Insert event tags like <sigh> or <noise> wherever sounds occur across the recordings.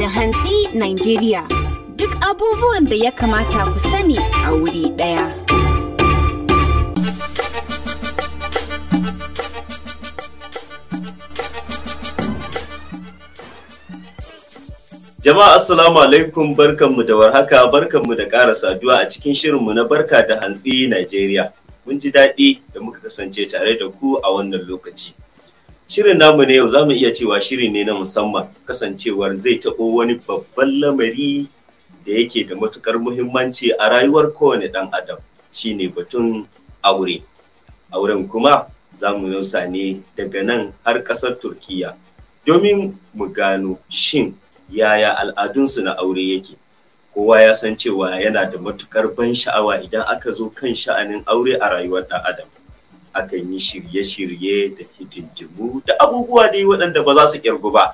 da hantsi Nigeria. Duk abubuwan da ya kamata ku sani a wuri ɗaya. Jama'a Assalamu alaikum barkanmu da warhaka barkanmu da ƙara saduwa a cikin shirinmu na barka da hantsi Najeriya. Mun ji daɗi da muka kasance tare da ku a wannan lokaci. Shirin namu ne yau za mu iya cewa shiri ne na musamman kasancewar zai taɓo wani babban lamari da yake da matukar muhimmanci a rayuwar kowane ɗan adam shine batun aure. Auren kuma za mu nausa ne daga nan har ƙasar Turkiya domin mu gano shin yaya al'adunsu na aure yake. Kowa ya san cewa yana da matukar ban sha'awa idan aka zo kan sha'anin aure a rayuwar ɗan adam. akan yi shirye-shirye da hidindimu da abubuwa dai waɗanda ba za su kirgu ba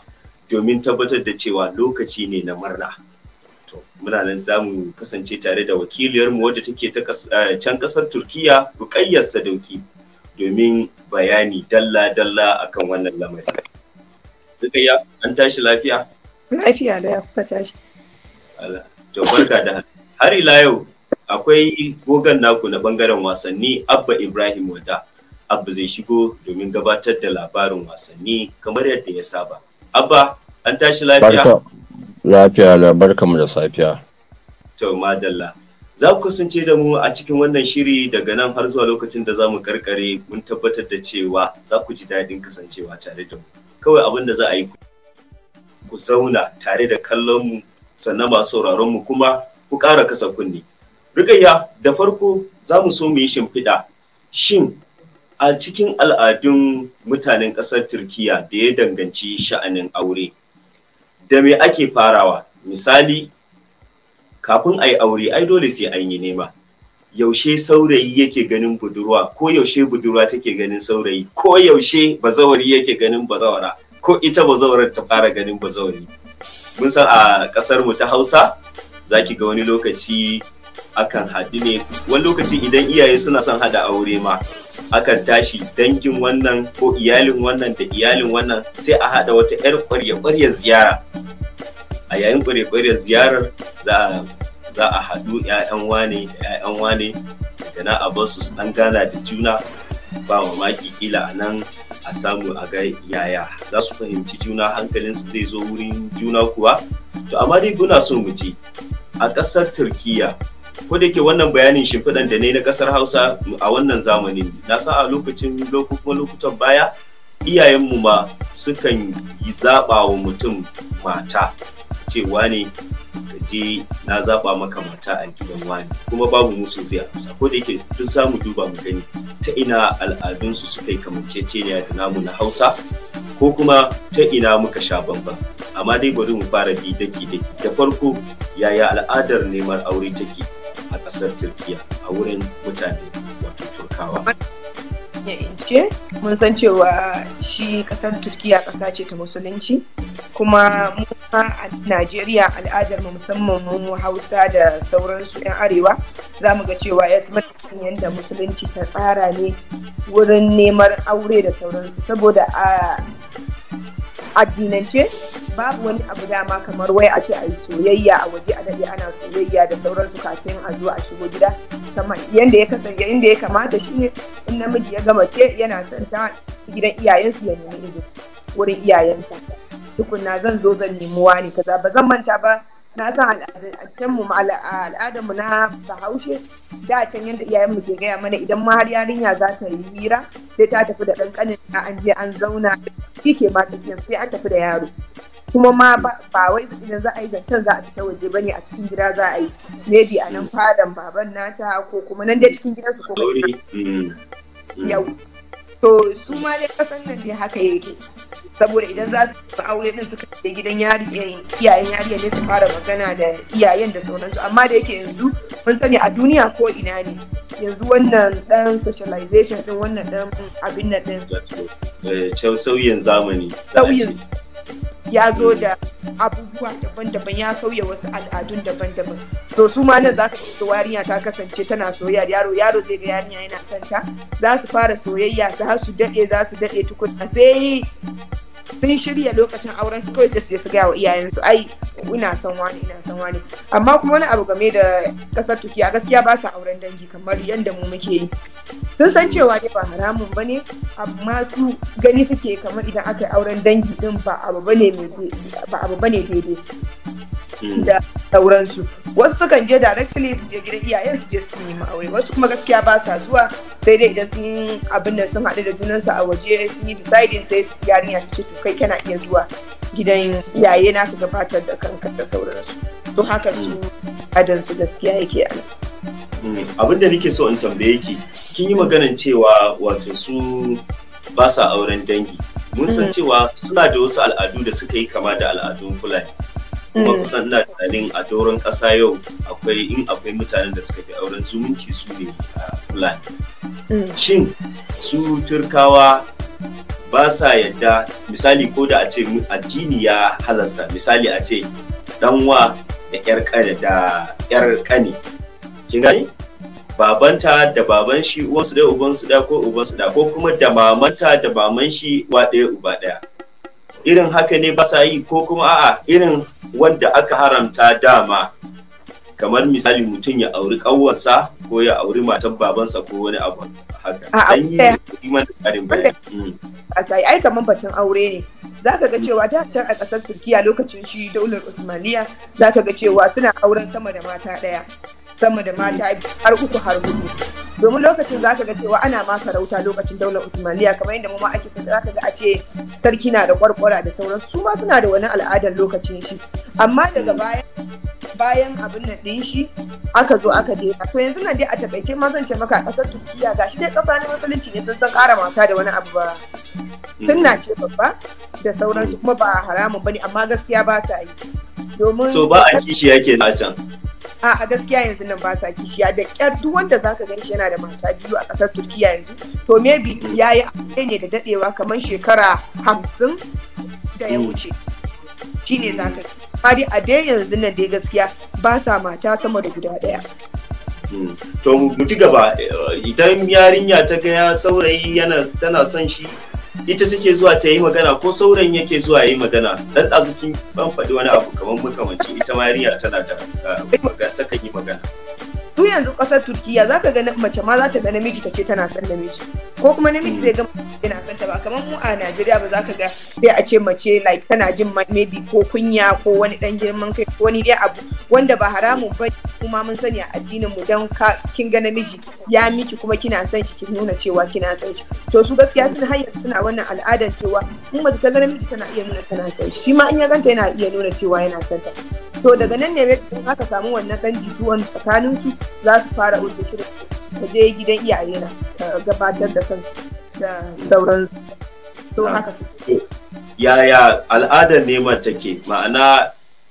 domin tabbatar da cewa lokaci ne na murna to muna nan za mu kasance tare da wakiliyarmu wadda take eh, can ƙasar turkiya ruƙayyar sadauki domin bayani dalla-dalla akan wannan lamari ruƙayya an tashi lafiya lafiya da ya kuka tashi to barka da har la yau akwai gogan naku na bangaren wasanni abba ibrahim wada Abba zai shigo domin gabatar da labarin wasanni kamar yadda ya saba. Abba, an tashi lafiya? Lafiya na da safiya. To, madalla. Za ku kasance da mu a cikin wannan shiri daga nan har zuwa lokacin da za mu karkare mun tabbatar da cewa za ku ji daɗin kasancewa tare da mu. Kawai abin da za a yi ku zauna tare da kallon mu sannan masu sauraron mu kuma ku ƙara kasa kunne. Rikayya da farko za mu so mu yi shimfiɗa. Shin a cikin al'adun mutanen ƙasar Turkiyya da ya danganci sha'anin aure da me ake farawa misali kafin a yi aure ai dole sai an yi nema yaushe saurayi yake ganin budurwa ko yaushe budurwa take ganin saurayi ko yaushe bazawari yake ganin bazawara ko ita bazawarar ta fara ganin bazawari mun san a ƙasar mu ta hausa zaki ga wani lokaci akan haɗu ne wani lokaci idan iyaye suna son hada aure ma akan tashi dangin wannan ko iyalin wannan da iyalin wannan sai a hada wata 'yar kwarya-kwarya ziyara a yayin kwarya-kwarya ziyarar za a haɗu 'ya'yan wane da 'ya'yan wane da na a basu su ɗan gana da juna ba mamaki kila a nan a samu a ga yaya za su fahimci juna hankalinsu zai zo wurin juna kuwa to amma dai muna so mu ci a ƙasar turkiya ko da yake wannan bayanin shimfiɗan da ne na ƙasar hausa a wannan zamani na sa a lokacin lokutan baya iyayenmu ma sukan yi zaɓa wa mutum mata su ce wane ka je na zaɓa maka mata a gidan wani kuma babu musu zai amsa ko da yake duk samu duba mu gani ta ina al'adunsu suka yi da namu na hausa ko kuma ta ina muka sha bamban amma dai bari mu fara bi daki daki da farko yaya al'adar neman aure take a ƙasar turkiya a wurin mutane wato turkawa ce mun san cewa shi ƙasar turkiya ƙasa ce ta musulunci kuma mu a najeriya al'adar mu musamman mu hausa da sauransu 'yan arewa za mu ga cewa ya matakin yadda musulunci ta tsara ne wurin neman aure da sauransu saboda a addinance babu wani abu dama kamar wai a ce a yi soyayya a waje a daɗe ana soyayya da sauransu kafin a zo a shigo gida kamar yadda ya kasance inda ya kamata shi ne in namiji ya gama ce yana son ta gidan iyayensu ya nemi izini wurin iyayenta tukunna zan zo zan nemi wani kaza ba zan manta ba na san al'adun mu al'adar mu na bahaushe da can yadda iyayen mu ke gaya mana idan ma har yarinya za ta yi hira sai ta tafi da ɗan ƙanin an je an zauna shi ke ma tsakiyar sai an tafi da yaro kuma ma ba wai idan za a yi zancen za a fita waje bane a cikin gida za a yi maybe a nan fadan baban nata ko kuma nan dai cikin gidansu ko mm. yau to su ma dai kasan nan dai haka yake saboda idan za su aure din suka je gidan iyayen yariya ne su fara magana da iyayen da sauransu amma da yake yanzu mun sani a duniya ko ina ne yanzu wannan dan socialization din wannan dan abin nan din eh, sauyin zamani ya zo da abubuwa daban-daban ya sauya wasu al'adun daban-daban to su ma nan zaka ga yarinya ta kasance tana soyayya yaro yaro zai ga yarinya yana santa, za su fara soyayya za su dade za su dade tukuna sai sun shirya lokacin auren su kawai sai su gaya wa iyayensu ai ina son wani ina son wani amma kuma wani abu game da kasar a gaskiya ba su auren dangi kamar yadda mu muke yi sun san cewa dai ba haramun ba ne amma su gani suke kamar idan aka yi auren dangi din ba abu ba ne daidai Mm. da sauransu wasu sukan je directly su je gidan iyayen su je su nemi aure wasu kuma gaskiya ba sa zuwa sai dai idan sun abin da sun haɗu da junansu a waje sun yi deciding sai yarinya ta ce to kai kana iya zuwa gidan iyaye na ka gabatar da kanka da sauransu to haka su mm. adan su gaskiya yake ana mm. abin da nake so in tambaye ki kin yi maganan cewa wato su ba sa auren dangi mun san cewa suna da wasu al'adu da suka yi kama da al'adun fulani kuma mm. kusan da tunanin a doron ƙasa yau akwai in akwai mutanen da suka fi auren zumunci su ne a fulani mm. shin su turkawa ba sa yadda misali ko da a ce addini ya halasta misali a ce danwa da yar kane da yar kane kin gani babanta da baban shi uwansu da ubansu da ko ubansu da ko kuma da mamanta da maman shi wa ɗaya uba ɗaya irin haka ne ba sa yi ko kuma a'a irin wanda aka haramta dama kamar misali mutum ya auri ƙanwarsa ko ya auri matan babansa ko wani abu haka eh. a sai ai kamar batun aure ne zaka ga cewa ta a ƙasar Turkiya lokacin shi daular Usmaniya zaka ga cewa suna auren sama da mata ɗaya sama da mata har uku har hudu domin lokacin zaka ga cewa ana ma sarauta lokacin daular usmaniya kamar yadda mu ma ake sanar zaka ga a ce sarki na da kwarkwara da sauran su ma suna da wani al'adar lokacin shi amma daga baya bayan abin nan din shi aka zo aka daina to yanzu nan dai a takaice ma zan ce maka kasar turkiya gashi dai kasa na musulunci ne sun san kara mata da wani abu ba na ce babba da sauransu kuma ba haramun ne, amma gaskiya ba sa yi domin so ba a kishi yake na can a gaskiya yanzu nan ba sa kishiya da kyar duk wanda zaka gani shi yana da mata biyu a kasar turkiya yanzu to maybe ya yi ne da dadewa kamar shekara hamsin da ya wuce shine zaka fari a dai yanzu nan dai gaskiya ba sa mata sama da guda daya hmm. to mu ci gaba eh, idan yarinya ta ga saurayi yana tana son shi ita take zuwa ta yi magana ko sauran yake zuwa ya yi magana dan ɗazukin ban faɗi wani abu kamar makamanci ita mariya tana da magana takan yi magana yanzu kasar turkiya za ka gani mace ma za ta ga namiji ta ce tana son namiji ko kuma namiji zai ga yana son ta ba kamar mu a najeriya ba za ka ga sai a ce mace like tana jin maybe ko kunya ko wani dan girman kai ko wani dai abu wanda ba haramun ba kuma mun sani a addinin mu dan kin ga namiji ya miki kuma kina son shi kin nuna cewa kina son shi to su gaskiya suna har suna wannan al'adar cewa in mace ta ga namiji tana iya nuna tana son shi ma in ya ganta yana iya nuna cewa yana son ta to daga nan ne ka samu wannan dan jituwan tsakanin su za su fara wuce shirin ka je gidan iyaye na ka gabatar da kan da sauran to haka su. yaya al'adar neman take ma'ana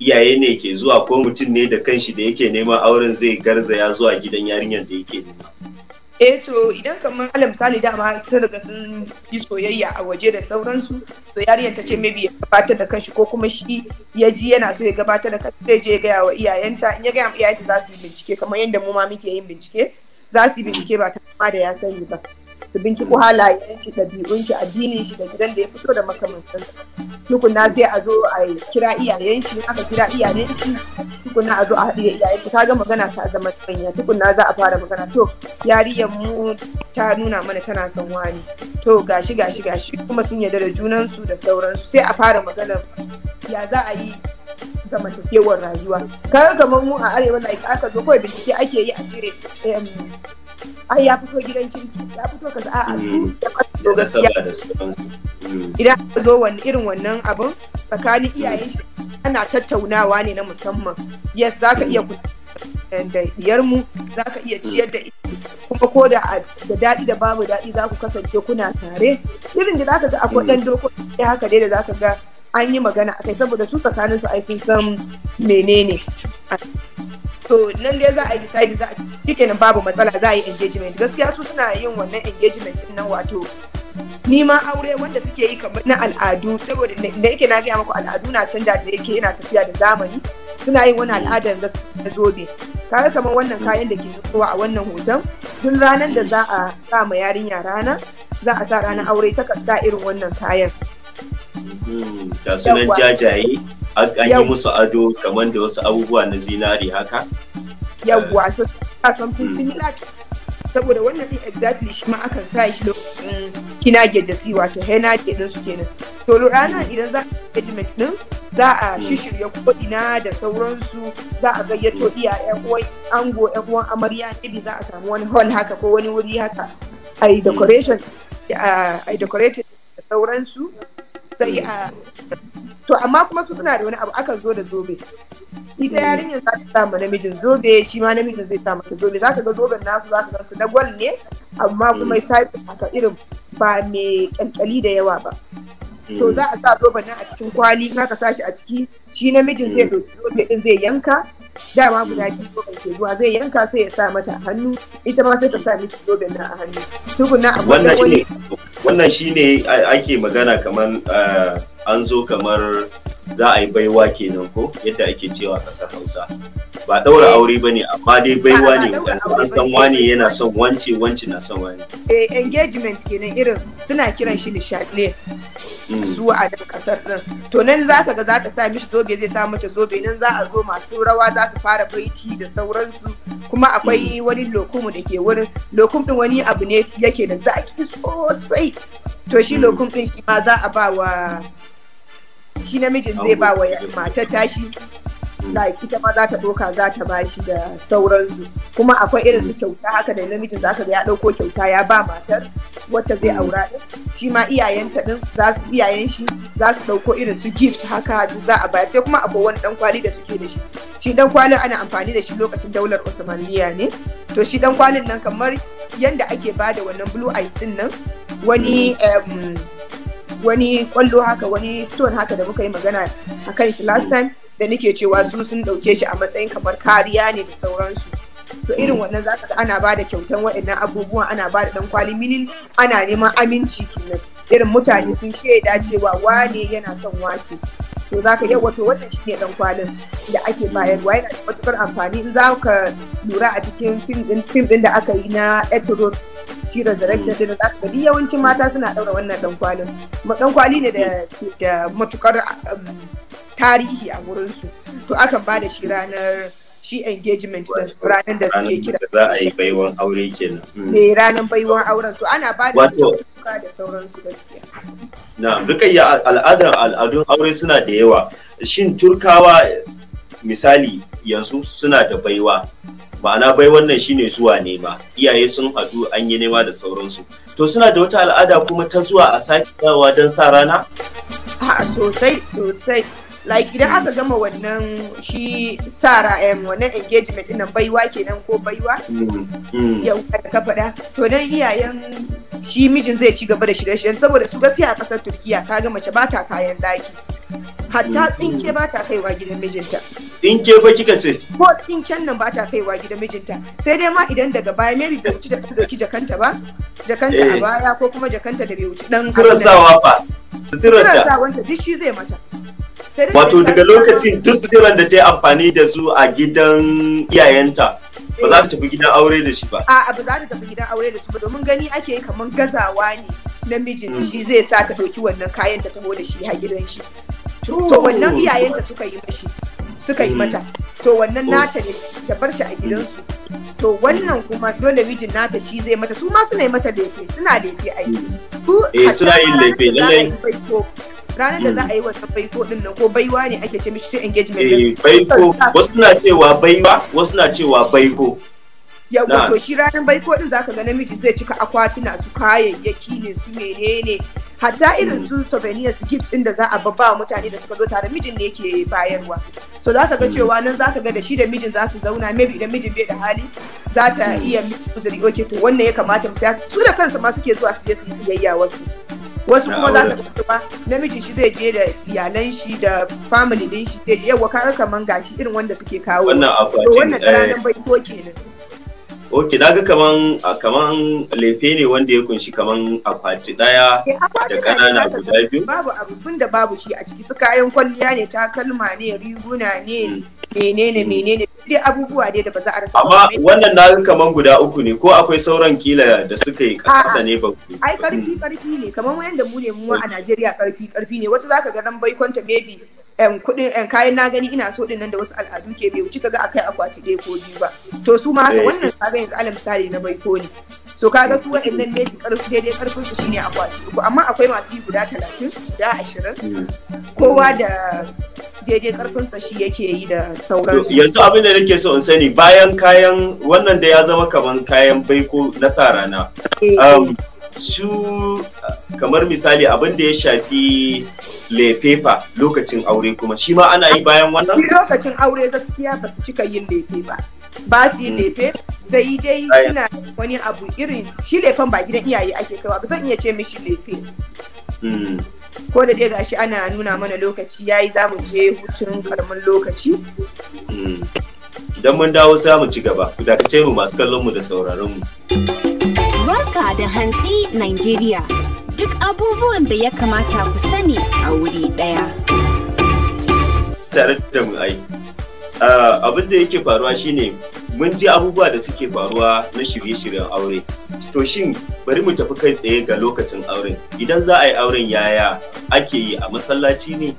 iyaye ne ke zuwa ko mutum ne da kanshi da yake neman auren zai garzaya zuwa gidan yarinyar da yake nema eh to idan kamar alal misali dama sun riga sun yi soyayya a waje da sauransu to yarinyar ta ce maybe ya gabatar da kanshi ko kuma shi ya ji yana so ya gabatar da kanshi zai je ya gaya wa iyayenta in ya gaya wa iyayenta za su yi bincike kamar yadda mu ma muke yin bincike za su yi bincike ba ta da ya sani ba su binciko halayen shi ɗabi'un shi addinin shi da gidan da ya fito da makamantan tukuna sai a zo a kira iyayen shi aka kira iyayen shi tukuna a zo a haɗu da iyayen shi kaga magana ta zama tsanya tukuna za a fara magana to yariyan mu ta nuna mana tana son wani to gashi gashi gashi kuma sun yarda da junansu da sauransu sai a fara magana ya za a yi zamantakewar rayuwa kaga kamar mu a arewa like aka zo kawai bincike ake yi a cire ai ya fito gidan kirki ya fito kaza a mm. su da mm. idan ka zo wani irin wannan abin tsakanin iyayen shi ana tattaunawa ne na musamman yes za ka iya mm. da diyar za ka iya ciyar da kuma ko da da daɗi da babu daɗi za ku kasance kuna tare irin da za ka ga akwai ɗan dokoki haka dai da za ka ga an yi magana akai saboda su tsakanin su ai sun san menene to nan dai za a yi decide za a shikenan babu matsala za a yi engagement gaskiya su suna yin wannan engagement nan wato nima aure wanda suke yi kamar na al'adu saboda da yake na gaya maku al'adu na canja da yake yana tafiya da zamani suna yin wani al'adar da zobe kaga kamar wannan kayan da ke zuwa a wannan hoton tun ranar da za a sa ma yarinya rana za a sa ranar aure ta sa irin wannan kayan Hmm, ga sunan jajaye an yi musu ado kamar da wasu abubuwa na zinari haka yawwa so uh, something hmm. similar to saboda wannan din exactly shi ma akan sa shi lokacin kina si wato hena ke din su kenan to rana hmm. idan za a engagement din za a shishirya ko'ina da sauransu za a gayyato iya yan uwan ango yan uwan amarya ibi za a samu wani hall haka ko wani wuri haka a decoration ai decorated da sauransu sai a ah. to amma kuma su suna da wani abu akan zo da zobe ita mm. yarinyar za ta samu namijin zobe shi ma namijin zai samu ta zobe za ka ga zoben nasu za ka ga su na gwal ne amma kuma mm. sai haka irin ba mai kankali da yawa ba to mm. za a sa zoben nan a cikin kwali in ka sa shi a ciki shi namijin zai ɗauki zobe din zai yanka dama guda biyu zoben ke zuwa zai yanka sai ya sa mata hannu ita ma sai ta sa mishi zoben na a hannu tukunna a wannan shine ake magana kamar ah, an zo kamar za a yi baiwa kenan ko yadda ake cewa ƙasar hausa ba ɗaura eh. aure ba ne amma dai baiwa ne an san wani yana son wance wance na son wani eh engagement kenan irin suna kiran shi nishadi hmm. su a ɗan kasar ɗin. to nan za ka ga za ta sa mishi zobe zai sa mata zobe nan za a zo masu rawa za su fara baiti da sauransu kuma akwai hmm. wani lokumu da ke wurin lokum din wani abu ne yake da zaki sosai to shi hmm. lokum ɗin shi ma za a ba wa shi namijin zai ba wa matar tashi like ita ma za ta doka za ta ba shi da sauransu kuma akwai irin su kyauta haka da namijin za ka ga ya ɗauko kyauta ya ba matar wacce zai aura din shi ma iyayenta din za su iyayen shi za su ɗauko irin su gift haka za a bayar sai kuma akwai wani dan kwali da suke da shi shi dan kwalin ana amfani da shi lokacin daular Usmaniyya ne to shi dan kwalin nan kamar yanda ake bada wannan blue eyes din nan wani um, wani kwallo haka wani stone haka da muka yi magana a kan shi last time da nake cewa su sun dauke shi a matsayin kamar kariya ne da sauransu to irin wannan za ka ga ana ba da kyautan waɗannan abubuwan ana ba da ɗan kwali minin ana neman aminci kenan irin mutane sun shaida cewa wane yana son wace to za ka yawa to wannan shi ne ɗan kwalin da ake bayarwa yana da matukar amfani in za ka lura a cikin fim ɗin da aka yi na Eto shi resurrection din da ga yawancin mata suna daura wannan dan kwalin dan kwali ne da da matukar um, tarihi a gurin su to akan ba da shi ranar shi engagement da ranar da suke kira za a yi baiwan aure kenan ne hmm. eh, ranar baiwan auren su ana ba da da sauransu gaskiya na rikayya al'adar al'adun aure suna da yawa shin turkawa misali yanzu suna da baiwa ma'ana bai wannan shine zuwa ne ba, iyaye sun haɗu an yi nema da sauransu to suna da wata al'ada kuma ta zuwa a sake dawa don sa rana a sosai sosai like idan aka gama wannan shi sara um, wannan engagement ɗin baiwa kenan ko baiwa mm-hmm. yau da ka faɗa to dan iyayen shi mijin zai ci gaba da shirye-shiryen saboda su gaskiya a ƙasar turkiya ka ga mace ba ta kayan daki hatta mm-hmm. tsinke ba ta kaiwa gidan mijinta. Tsinke ba kika ce? Ko tsinken nan ba ta kaiwa gidan mijinta. Sai dai ma idan daga baya Mary bai wuce da ta ɗauki jakanta ba, jakanta a eh. baya ko kuma jakanta da bai wuce ɗan. Sutura sawa ba. Sutura ta. wanda duk shi zai mata. Wato daga lokacin duk su da ta yi amfani da su a gidan iyayenta ba za ta tafi gidan aure da shi ba. A'a ba za ta tafi gidan aure da su ba domin gani ake yi kamar gazawa ne namijin shi mm. zai sa ka ɗauki wannan kayan ta taho da shi a gidan shi. To wannan iyayenta suka yi mashi suka yi mm. mata. To wannan oh. nata ne ta bar shi a gidansu. To wannan kuma dole mijin nata shi zai mata su ma suna yi mata laifi suna laifi aiki. Eh suna yin laifi lallai. ranar da za a yi wata baiko din nan ko baiwa ne ake ce mishi engagement eh, din baiko wasu na cewa baiwa wasu na cewa baiko ya to shi ranar baiko din zaka ga namiji zai cika akwatuna su kayayyaki ne su menene hatta irin su souvenirs gifts din da za a babba wa mutane da suka zo tare mijin ne yake bayarwa so zaka ga cewa nan zaka ga da shi da mijin za su zauna maybe idan mijin bai da hali za ta iya uzuri okay to wannan ya kamata mu su da kansu ma suke zuwa su je su yi siyayya wasu wasu kuma za ka ga cewa namiji shi zai je da iyalan shi da family din shi zai je yawa kaga man gashi irin wanda suke kawo wannan akwatin wannan ƙananan baito kenan ok daga kaman kaman lefe ne wanda ya kunshi kaman akwati daya eh, da kanana guda biyu babu abin da babu shi a ciki su kayan kwalliya ne takalma ne riguna ne mm. menene menene dai abubuwa dai da ba za a rasa amma wannan na kaman guda uku ne ko akwai sauran kila da suka yi kasa ne ba ai karfi karfi ne kaman wanda mu ne mu a Najeriya karfi karfi ne wata zaka ga dan baikonta baby kuɗin kayan na gani ina so din nan da wasu al'adu ke bai wuce kaga akai akwati dai ko biyu ba to su ma haka eh. wannan kaga yanzu alal misali na baiko ne so ga su waɗannan ne karfi daidai karfin su shine akwati uku amma akwai masu yi guda talatin da ashirin hmm. kowa da daidai karfin sa shi yake yi da sauran yanzu abin da nake so in sani bayan kayan wannan da ya zama kaman kayan baiko na sa rana eh. um, su kamar misali abin da ya shafi lefefa lokacin aure kuma shi ma ana yi bayan wannan lokacin aure gaskiya ba su cika yin lefe ba ba su yi lefe sai dai suna wani abu irin shi lefen ba gidan iyaye ake kawa ba zan iya ce mishi lefe hmm. ko da dai gashi ana nuna mana lokaci yayi za mu je hutun karamin lokaci hmm. idan mun dawo sai mu ci gaba ku dakace mu masu kallon mu da sauraron mu Afirka da hantsi Nigeria. Duk abubuwan da ya kamata ku sani a wuri ɗaya. Tare da mu ai. Abin da yake faruwa shine mun ji abubuwa da suke faruwa na shirye-shiryen aure. To shin bari mu tafi kai tsaye ga lokacin auren. Idan za a yi auren yaya ake yi a masallaci ne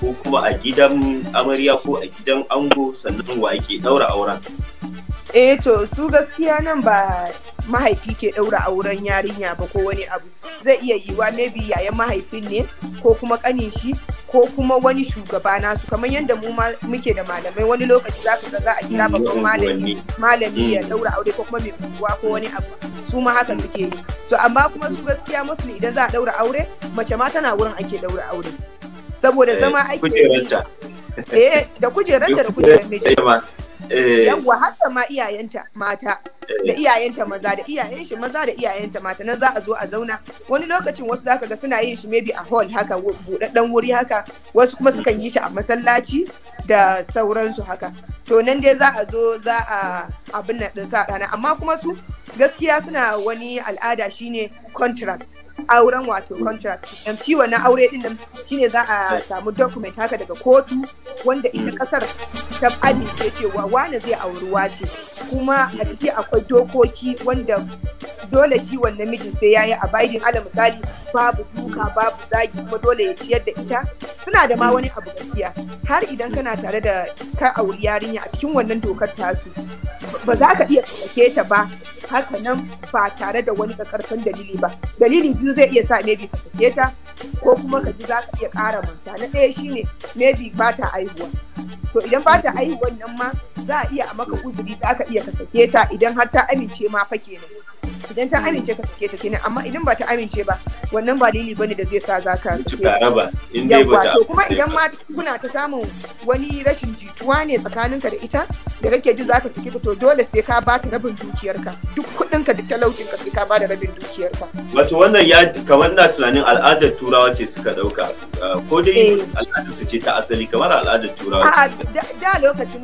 ko kuma a gidan amarya ko a gidan ango sannan wa ke ɗaura auren. eh to su gaskiya nan ba mahaifi ke ɗaura auren yarinya ba ko wani abu zai iya yiwa maybe yayan mahaifin ne ko kuma ƙanin shi ko kuma wani shugaba nasu kamar yadda mu muke da malamai wani lokaci za ka ga za a kira mm, babban malami malami ya mm. ɗaura aure ko kuma mai unguwa ko wani abu su ma haka suke yi to amma kuma su gaskiya musu idan za a ɗaura aure mace ma tana wurin ake ɗaura aure saboda eh, zama ake eh da kujeranta da kujeran <laughs> miji Eh. yawwa hatta ma iyayenta mata eh. da iyayenta maza da iyayen shi maza da iyayenta mata nan za a zo a zauna wani lokacin wasu zaka ga suna yin shi maybe a hall haka budaddan wuri haka wasu kuma sukan yi shi a masallaci da sauransu haka to nan dai za a zo za a abin nan din sa dana amma kuma su gaskiya suna wani al'ada shine contract auren wato contract yanci na aure din nan shine za a samu document haka daga kotu wanda ita kasar ta amince cewa wane zai auri wace kuma a ciki akwai dokoki wanda dole shi wannan mijin sai yayi a bayin ala misali babu duka babu zagi kuma dole ya ciyar da ita suna da ma wani abu gaskiya har idan kana tare da ka auri yarinya a cikin wannan dokar tasu ba za ka iya tsallake ta ba haka nan ba tare da wani ƙarfin dalili ba dalili biyu zai iya sa maybe ka sake ta ko kuma ka ji za ka iya ƙara manta na ɗaya shine maybe ba ta aihuwa to idan ba ta aihuwan nan ma za a iya a maka uzuri za ka iya ka sake ta idan har ta amince ma fa kenan idan ta amince ka sake ta kenan amma idan ba ta amince ba wannan ba lili bane da zai sa za ka sake ta yawa to kuma idan ma kuna ta samun wani rashin jituwa ne tsakaninka da ita da kake ji za ka suke ta to dole sai ka ba ta rabin dukiyarka duk kuɗinka da talaucinka sai ka ba da rabin dukiyarka wato wannan ya kamar na tunanin al'adar turawa ce suka ɗauka ah, ko dai eh. al'adar su ce ta asali kamar al'adar turawa ce da lokacin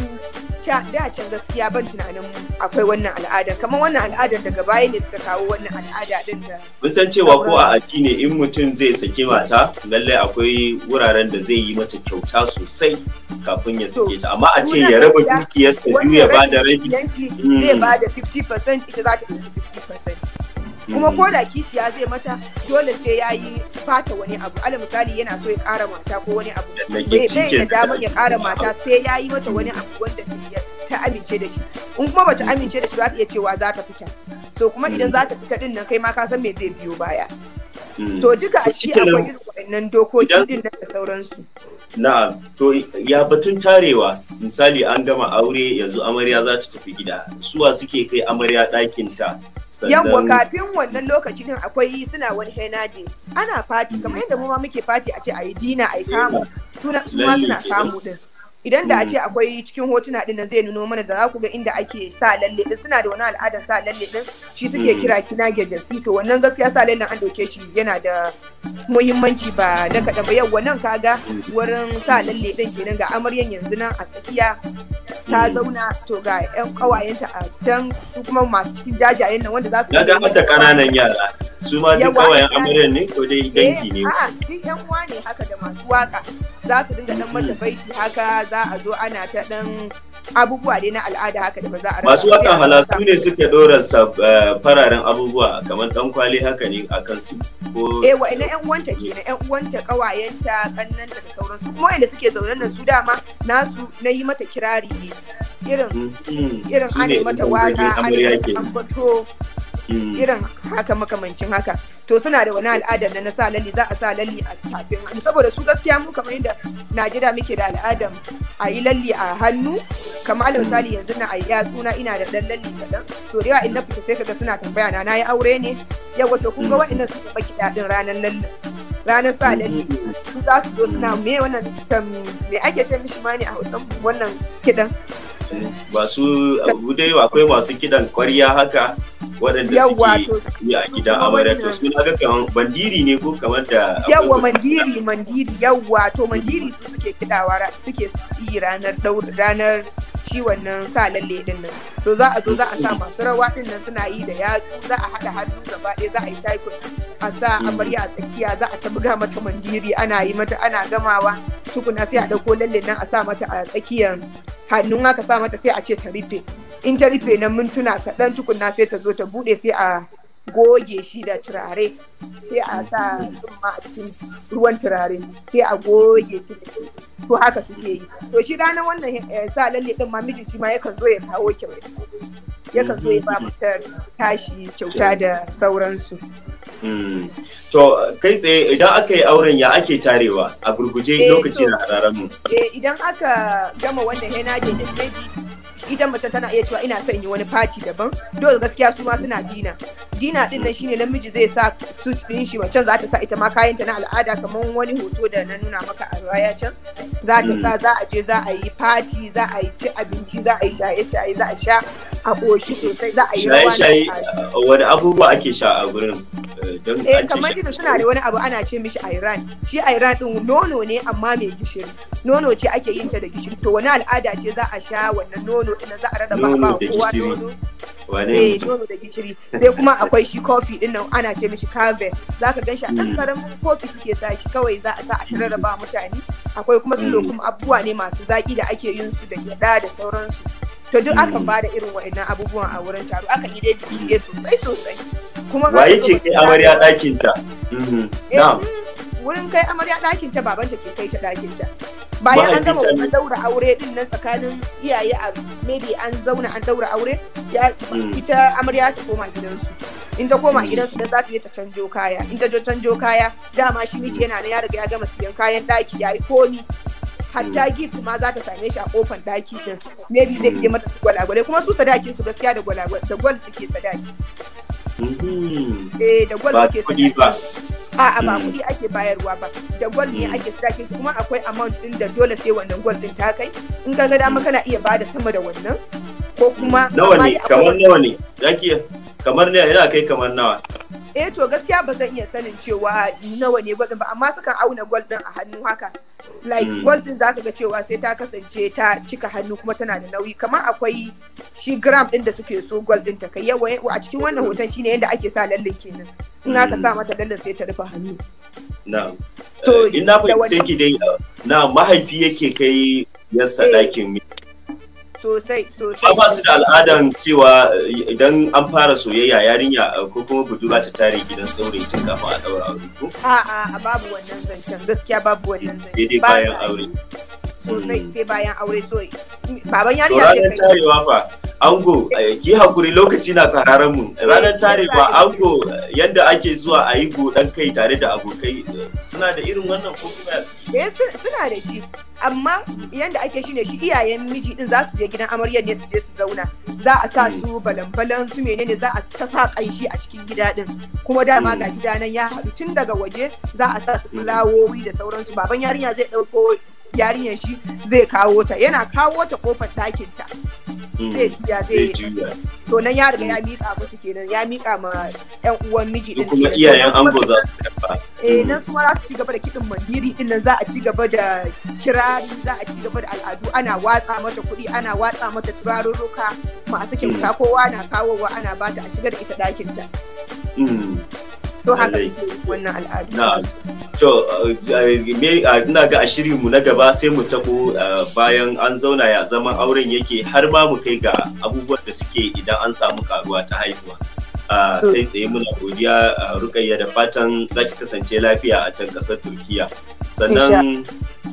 da can gaskiya ban tunanin akwai wannan al'ada kamar wannan al'adar daga baya ne suka kawo wannan al'ada din da mun san cewa ko a ne in mutum zai saki mata lallai akwai wuraren da zai yi mata kyauta sosai kafin ya sake ta amma a ce ya raba dukiyarsa biyu ya bada rabi zai hmm. bada 50% ita za ta 50% kuma ko da kishiya zai mata dole sai ya yi fata wani abu ala misali yana so ya kara mata ko wani abu bai da damar ya kara mata sai ya yi mata wani abu wanda ta amince da shi in kuma bata amince da shi ba ta iya cewa za ta fita so kuma idan za ta fita din nan kai ma ka san me zai biyo baya Hmm. To duka a shi akwai irin wa'annan dokokin din da sauransu. Na'am, to ya batun tarewa misali an gama aure yanzu amarya za ta tafi gida suwa suke kai amarya ɗakin ta. Yawwa kafin wannan lokacin din akwai suna wani henadi ana fati kamar yadda mu ma muke fati a ce a yi dina a yi kamu suna suna kamu din. idan da a ce hmm. akwai cikin hotuna din zai nuno mana da za ku ga inda ake sa lalle din suna da wani al'adar sa lalle din shi suke hmm. kira kina gejesi to wannan gaskiya sa lalle an doke shi yana da muhimmanci ba da kaɗan ba yau wannan kaga wurin sa lalle din kenan ga amaryan yanzu nan a tsakiya ta hmm. zauna to ga yan kawayenta a can su kuma masu cikin jajayen nan wanda za su ga mata kananan yara su ma duk kawayen amaryan ne ko dai dangi ne eh, a duk yan uwa ne haka da masu waka za su dinga dan mata baiti haka za a zo ana ta ɗan abubuwa dai na al'ada haka da ba za a rasa masu waka halasu ne suka dora eh, fararen abubuwa kamar dan kwali haka ne a kansu ko eh wa ina yan uwanta ke na yan uwanta kawayenta kannanta da sauransu kuma wanda suke zaune da su dama nasu na yi mata kirari ne irin mm, mm. irin ana mata waka ana mata ambato Mm. irin haka makamancin haka to suna da wani al'adar da na sa lalli za a sa lalli a tafin hannu saboda su gaskiya mu kamar yadda Najeriya muke da al'adar a yi lalli a hannu kamar alal misali yanzu na ayya suna, ina da dan lalli kaɗan so da yawa in na fita sai kaga suna tambaya na nayi aure ne yawa to kun ga wa'annan su baki dadin ranar lalli ranar sa lalli su za su zo suna me wannan me ake ce mishi ma ne a Hausa wannan kiɗan masu dai akwai masu kidan kwarya haka waɗanda suke yi a gida amarya to su na ga kaman ne ko kamar da yawwa mandiri mandiri yawwa to mandiri su suke kidawa suke yi ranar ranar shi wannan sa lalle din nan so za a zo za a sa masu rawa din nan suna yi da yatsu za a haɗa hannu gaba ɗaya za a yi cycle a sa amarya a tsakiya za a tabga mata mandiri ana yi mata ana gamawa tukuna sai a ɗauko lalle nan a sa mata a tsakiyar hannun haka sa mata sai a ce ta rufe in ta rufe na mintuna kaɗan tukuna sai ta zo ta buɗe sai a goge shi da turare sai a sa a cikin ruwan turare sai a goge shi da shi to haka suke yi to shi na wannan eh, sa lalle din ma mijin shi ma yakan zo ya kawo kyauta yakan zo ya ba mutar tashi kyauta da sauransu hmm. to kai tsaye idan aka yi auren ya ake tarewa a gurguje eh, lokaci na hararen mu eh, idan aka gama wannan yana da Idan mace tana iya cewa ina son yi wani fati daban dole gaskiya su ma suna dina dina din nan shine namiji zai sa suit din shi mace za ta sa ita ma kayan ta na al'ada kamar wani hoto da na nuna maka a baya can za ta sa za a je za a yi fati za a yi ci abinci za a yi shaye shaye za a sha a koshi sosai za a yi rawa shaye shaye uh, wani abubuwa ake sha a gurin uh, eh kamar dina suna da wani abu ana ce mishi iran shi iran din nono ne amma mai gishiri nono ce ake yin ta da gishiri to wani al'ada ce za a sha wannan nono nono da za a rarraba ba kowa nono eh, nono da gishiri sai kuma akwai shi kofi din nan ana ce mishi carve zaka gan shi a Ɗan karamin mm. kofi suke sa shi kawai za a sa a ba mutane akwai kuma su mm. kuma abubuwa ne masu zaki da ake yin su da gyada da sauransu to duk akan mm. ba da irin wa'annan abubuwan a wurin taro akan yi dai biki sosai sosai kuma wa yake kai amarya ɗakin ta mhm. eh, wurin kai amarya ɗakin ta babanta ke kai ta ɗakin ta bayan an gama wannan daura aure din nan tsakanin iyaye a maybe an zauna an daura aure ya hmm. ita amarya ta koma gidansu in ta koma hmm. gidansu dan za ta je ta canjo kaya in ta je canjo kaya dama shi miji yana na ya riga ya gama siyan kayan ɗaki ya yi komi hatta hmm. gift ma za ta same shi a kofan ɗaki. din maybe zai je mata su gwalagwale kuma su sadakin su gaskiya da gwalagwale da gwal suke sadaki eh da gwal suke sadaki a'a ba kuɗi ake bayarwa ba da gol ne ake sadakin kuma akwai amount din da dole sai wannan gol din ta kai in ka ga dama kana iya bada sama da wannan ko kuma nawa ne kamar nawa ne zaki kamar ne yana kai kamar nawa eh to gaskiya ba zan iya sanin cewa nawa ne gwal ba amma sukan auna gwal din a hannu haka like hmm. gwal din zaka ga cewa sai ta kasance ta cika hannu kuma tana da nauyi kamar akwai shi gram din da suke so gwal din ta kai yawa a cikin wannan hoton shine yadda ake sa lalle kenan in aka sa hmm. mata lallin sai ta rufe hannu na'am to eh, ina fahimce ki dai na mahaifi yake kai yassa dakin eh. mi sosai sosai ba su da al'adan cewa eh, idan an fara soyayya yarinya eh, ko kuma budurwa ta tare gidan saurayi tun kafin a daura aure ko A'a, babu wannan zancen gaskiya babu wannan zancen sai dai bayan aure sosai sai bayan aure so baban ya ce kai tarewa fa ango eh, ki hakuri lokaci na kararan mu ranar tarewa ango "Yanda ake zuwa a yi godan kai tare da abokai eh, suna da irin wannan ko kuma suke eh suna da shi amma yanda ake shi ne shi iyayen miji din za su je gidan amaryar ne su je su zauna za a sa su hmm. balan-balan su menene za a ta sa kanshi a cikin gida din kuma dama ga hmm. gida nan ya haɗu tun daga waje za a sa su hmm. fulawowi da sauransu baban yarinya zai ɗauko yarinyar shi zai kawo ta yana kawo ta kofar ɗakin ta hmm, zai juya zai to nan ya riga ya miƙa musu kenan ya miƙa ma ƴan uwan miji din kuma iyayen ango za su karba eh hmm. nan su za su ci gaba da kiɗin mandiri din nan za a ci gaba da kirari za a ci gaba da al'adu ana watsa mata kuɗi ana watsa mata a masu kyauta hmm. kowa na kawowa ana bata a shiga da ita ɗakin ta to haka wannan al'adu na to eh, ah, ina ga a mu na gaba sai mu tabo eh, bayan an zauna ya zaman auren yake har ma mu kai ga abubuwan da suke idan an samu karuwa ta haihuwa ah, kai tsaye muna godiya ah, rukayya da fatan za ki kasance lafiya a can kasar turkiya sannan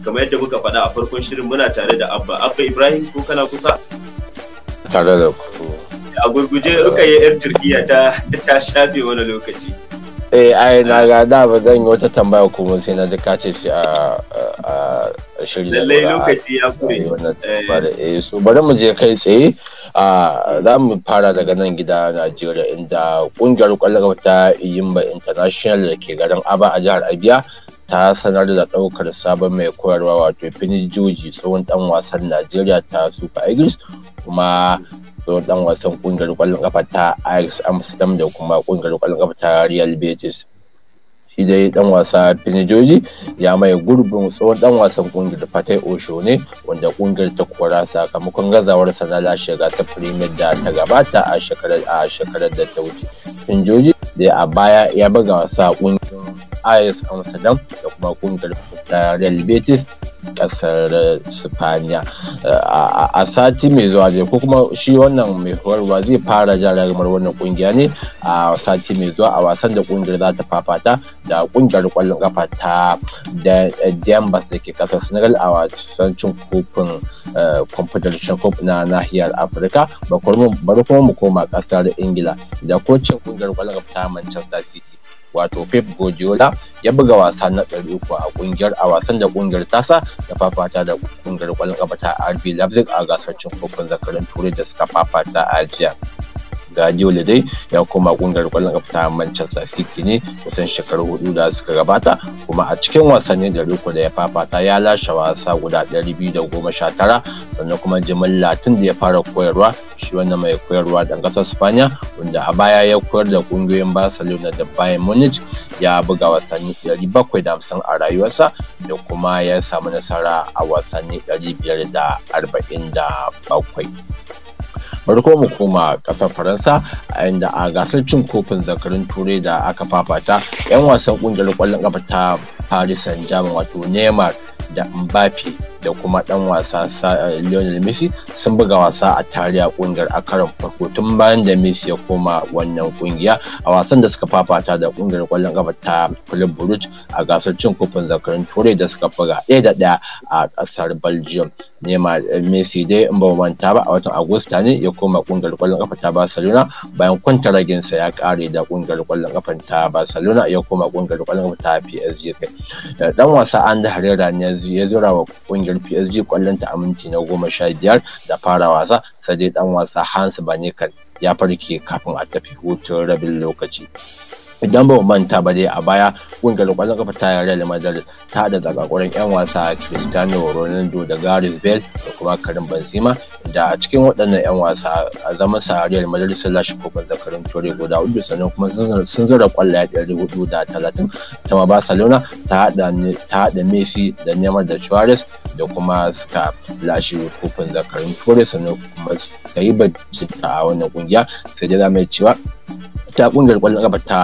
kamar yadda muka faɗa a farkon shirin muna tare da abba abba ibrahim ko kana kusa tare da ku a gurguje rukayya yar turkiya ta shafe wani lokaci eh ai na ga da ba zan yi wata tambaya kuma sai na duka ce shi a shirin lallai lokaci ya kure eh. eh so bari mu je kai tsaye a za mu fara daga nan gida Najeriya inda kungiyar kwallon ta Yimba International da ke garin Aba a jihar Abia ta sanar da daukar sabon mai koyarwa wato Fini tsohon dan wasan Najeriya ta Super Eagles kuma tsohon dan wasan kungiyar kwallon kafa ta Ajax Amsterdam da kuma kungiyar kwallon kafa ta Real Betis. shi dai dan wasa Finijoji ya mai gurbin tsohon dan wasan kungiyar Fatai Osho ne wanda kungiyar ta kora sakamakon gazawarsa na lashe ta Premier da ta gabata a shekarar a shekarar da ta wuce. pinjoji da a baya ya buga wasa kungiyar AS Amsterdam da kuma kungiyar Real Betis kasar Spaniya a sati mai zuwa je ko kuma shi wannan mai horarwa zai fara jarumar wannan kungiya ne a sati mai zuwa a wasan da kungiyar za ta fafata da kungiyar kwallon kafa ta Dembas eh, da ke kasar Senegal a wasan cin kofin eh, Confederation Cup na nahiyar Afirka bari kuma mu koma kasar Ingila da kocin kungiyar kwallon kafa ta Manchester City wato Pep Guardiola ya buga wasa na ɗari uku a kungiyar a wasan da kungiyar tasa da fafata da kungiyar kwallon kafa ta RB Leipzig a gasar cin kofin zakarin Turai da suka fafata a jiya. Guardiola dai ya koma kungiyar kwallon kafa ta Manchester City ne kusan shekaru hudu da suka gabata kuma a cikin wasannin da uku da ya fafata ya lashe wasa guda 219 sannan kuma jimilla tun da ya fara koyarwa shi wannan mai koyarwa dan kasar Spaniya wanda a baya ya koyar da kungiyoyin Barcelona da Bayern Munich ya buga wasanni 750 a rayuwarsa da kuma ya samu nasara a wasanni 547. bari mu koma kasar faransa a inda a gasar cin kofin Zakarin turai da aka fafata yan wasan kungiyar kwallon kafa ta paris saint germain wato neymar da mbappe da kuma dan wasa eh, Lionel Messi sun buga wasa a tariya kungiyar a karon farko tun bayan da Messi ya koma wannan kungiya a wasan da suka fafata da kungiyar kwallon kafa ta Club Brugge a gasar cin kofin zakarin Turai da suka buga ɗaya da ɗaya a ƙasar Belgium nema eh, Messi dai in ba manta ba a watan Agusta ne ya koma kungiyar kwallon kafa ta Barcelona bayan sa ya kare da kungiyar kwallon kafa ta Barcelona ya koma kungiyar kwallon kafa ta PSG eh, dan wasa Ander Herrera ne ya zura wa kungiyar wajen PSG kwallon ta aminci na goma sha biyar da fara wasa sai dai dan wasa Hans Banekal ya farke kafin a tafi hutun rabin lokaci. idan ba manta ba dai a baya kungiyar kwallon kafa ta yare da Madrid ta da zagagoren yan wasa Cristiano Ronaldo da Gareth Bale da kuma Karim Benzema da a cikin waɗannan yan wasa a zaman sa Real Madrid sun lashe kofar zakarin Turai guda hudu sannan kuma sun zura kwallaye ɗari hudu da talatin ta ma Barcelona ta haɗa Messi da Neymar da Suarez da kuma suka lashe kofin zakarin Turai sannan kuma suka yi bacci a wannan kungiya sai dai za mu cewa ta kungiyar kwallon kafa ta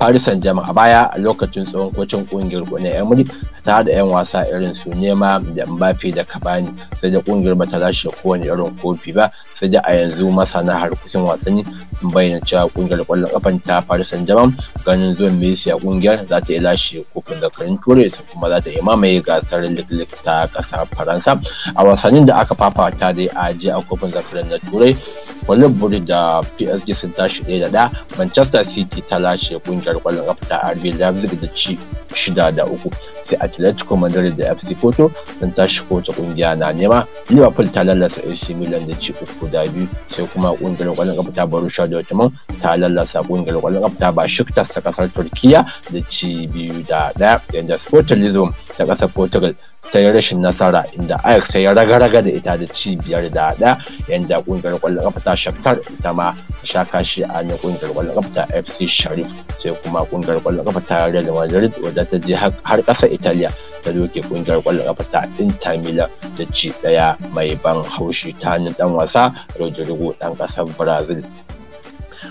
Paris Saint-Germain a baya a lokacin tsohon kocin kungiyar na Emery ta da yan wasa irin su Nema da Mbappe da kabani, sai da kungiyar ba ta lashe kowane irin kofi ba sai da a yanzu masana harkokin wasanni sun bayyana cewa kungiyar kwallon kafa ta Paris Saint-Germain ganin zuwan Messi a kungiyar za ta iya lashe kofin da zakarin ta kuma za ta iya mamaye gasar Ligue ta kasar Faransa a wasannin da aka fafata dai a ji a kofin zakarin na Turai wani buri da PSG sun tashi ɗaya da manchester city ta lashe kungiyar kwallon kafa ta rb leipzig da ci shida da uku sai atletico madrid da fc porto sun tashi kowace kungiya na nema liverpool ta lallasa ac milan da ci uku da biyu sai kuma kungiyar kwallon kafa ta borussia dortmund ta lallasa kungiyar kwallon kafa ta bashiktas ta kasar turkiya da ci biyu da ɗaya yadda sporting lisbon ta kasar portugal ta rashin nasara inda ajax ta yi raga-raga da ita da ci biyar da ɗaya yanda ƙungiyar ƙwallon ƙafa ta shaftar ita ma sha kashi a ne ƙungiyar ƙwallon ƙafa fc sharif sai kuma ƙungiyar ƙwallon ƙafa ta real madrid wadda ta je har ƙasa italiya ta doke ƙungiyar ƙwallon ƙafa ta inter milan da ci ɗaya mai ban haushi ta hannun ɗan wasa rodrigo ɗan ƙasar brazil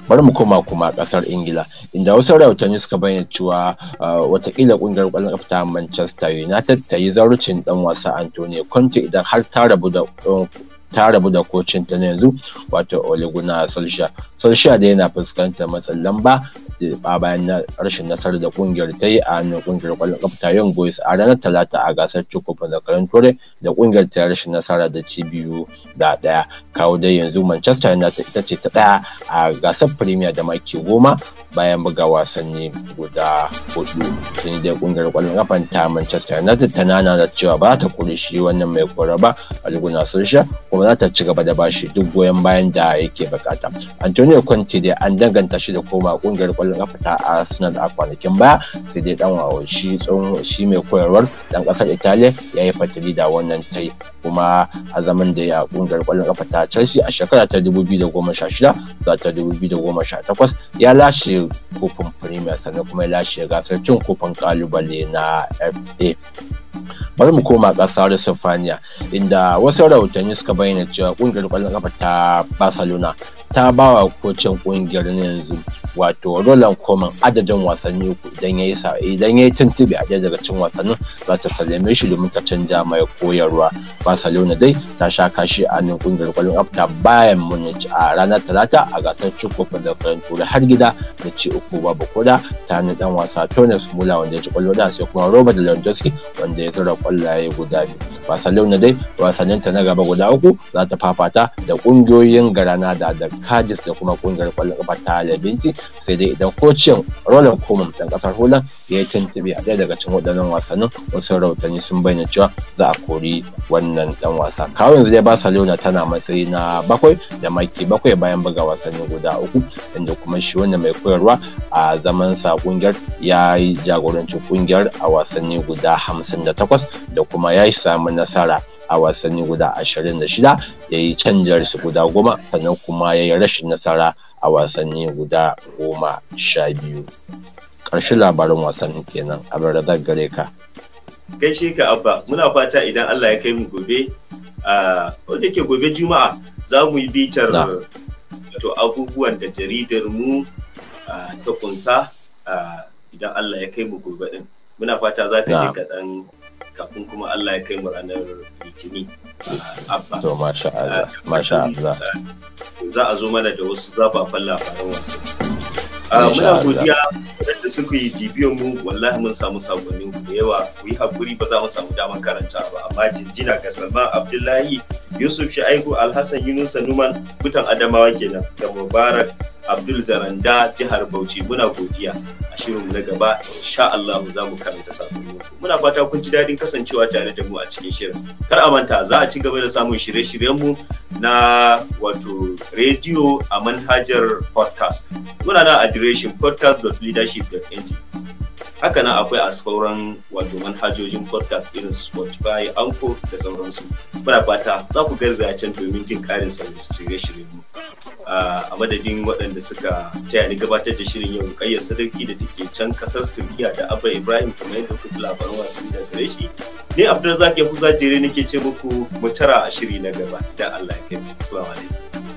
bari mu koma kuma kasar ingila inda wasu rahotanni suka bayyana cewa watakila kungiyar kwallon kafa ta manchester united ta yi zarucin dan wasa antonio conte idan har ta rabu da ta rabu da kocin ta na yanzu wato oliguna solsha Solskjaer da yana fuskantar matsin lamba ba bayan na rashin nasarar da kungiyar ta yi a hannun kungiyar kwallon kafa ta young boys a ranar talata a gasar cikofa da karen da kungiyar ta rashin nasara da cibiyu da daya kawo dai yanzu manchester united ita ce ta daya a gasar premier da maki goma bayan buga wasanni guda hudu sun dai kungiyar kwallon kafan ta manchester united ta nana da cewa ba ta kuri shi wannan mai kora ba a luguna sulsha kuma za ta ci gaba da bashi duk goyon bayan da yake bukata antonio conte dai an danganta shi da koma kungiyar kwallon kafa ta arsenal a kwanakin baya sai dai dan wawo shi tsawon shi mai koyarwar dan kasar italiya ya yi fatali da wannan tai kuma a zaman da ya kungiyar kwallon kafa ta chelsea a shekara ta 2016 za ta 2018 ya lashe kofin premier sannan kuma ya lashe gasar cin kofin kalubale na fa bari mu koma kasar sifaniya inda wasu rahotanni suka bayyana cewa kungiyar kwallon kafa ta barcelona ta ba wa kocin kungiyar na yanzu wato roland koman adadin wasanni uku idan ya yi idan ya yi a ɗaya daga cin wasannin za ta sallame shi domin ta canja mai koyarwa barcelona dai ta sha kashi a nan kungiyar kwallon kafa ta bayan munich a ranar talata a gasar cin kofin da tura har gida da ci uku babu koda ta ni dan wasa tonis mula wanda ya ci kwallo da sai kuma robert lewandowski wanda ya tura kwallaye guda biyu barcelona dai wasanninta na gaba guda uku za ta fafata da kungiyoyin granada da kajis da kuma kungiyar kwallon kafa ta labinci sai dai idan kocin rolan koman dan kasar holan ya yi tuntuɓe a ɗaya daga cikin waɗannan wasannin wasu rautani sun bayyana cewa za a kori wannan dan wasa kawo yanzu dai barcelona tana matsayi na bakwai da maki bakwai bayan buga wasanni guda uku inda kuma shi wannan mai koyarwa a zaman sa kungiyar ya yi jagorancin kungiyar a wasanni guda 58 da kuma ya samu nasara a wasanni guda 26 ya yi canjar su guda goma sannan kuma ya yi rashin nasara a wasanni guda goma sha biyu karshe labarin wasannin kenan abin gare ka gaishe ka abba muna fata idan allah ya kai mu gobe a wanda ke gobe juma'a za mu yi bitar abubuwan da jaridar mu ta kunsa idan Allah ya kai mu gobe din muna fata za ka je kaɗan kafin kuma Allah ya kai mu ranar litini abba za a zo mana da wasu zabafan labaran wasu muna godiya da suka yi bibiyon mu wallahi mun samu sakonnin da yawa ku yi hakuri ba za mu samu damar karanta ba amma jinjina ga Salma Abdullahi Yusuf Shaibu Alhassan Yunusa Numan butan Adamawa kenan da Mubarak abdul zaranda jihar bauchi muna godiya a shirin na gaba insha Allah za mu karanta sabon muna fata kun ji daɗin kasancewa tare da mu a cikin shirin kar a manta za a ci gaba da samun shirye-shiryenmu na wato rediyo a manhajar podcast muna na adireshin podcast.leadership.ng haka nan akwai a sauran wato manhajojin podcast irin spotify anko da sauransu muna fata za ku garzaya can domin jin ƙarin shirye-shiryenmu a madadin waɗanda suka taya ni gabatar da shirin yau kayyar sadarki da take can kasar turkiya da abba ibrahim kamar yadda kuka labaran wasanni da gare shi ni abdulrazak yahuza jere nake ce muku mutara a shiri na gaba da allah ya kai assalamu alaikum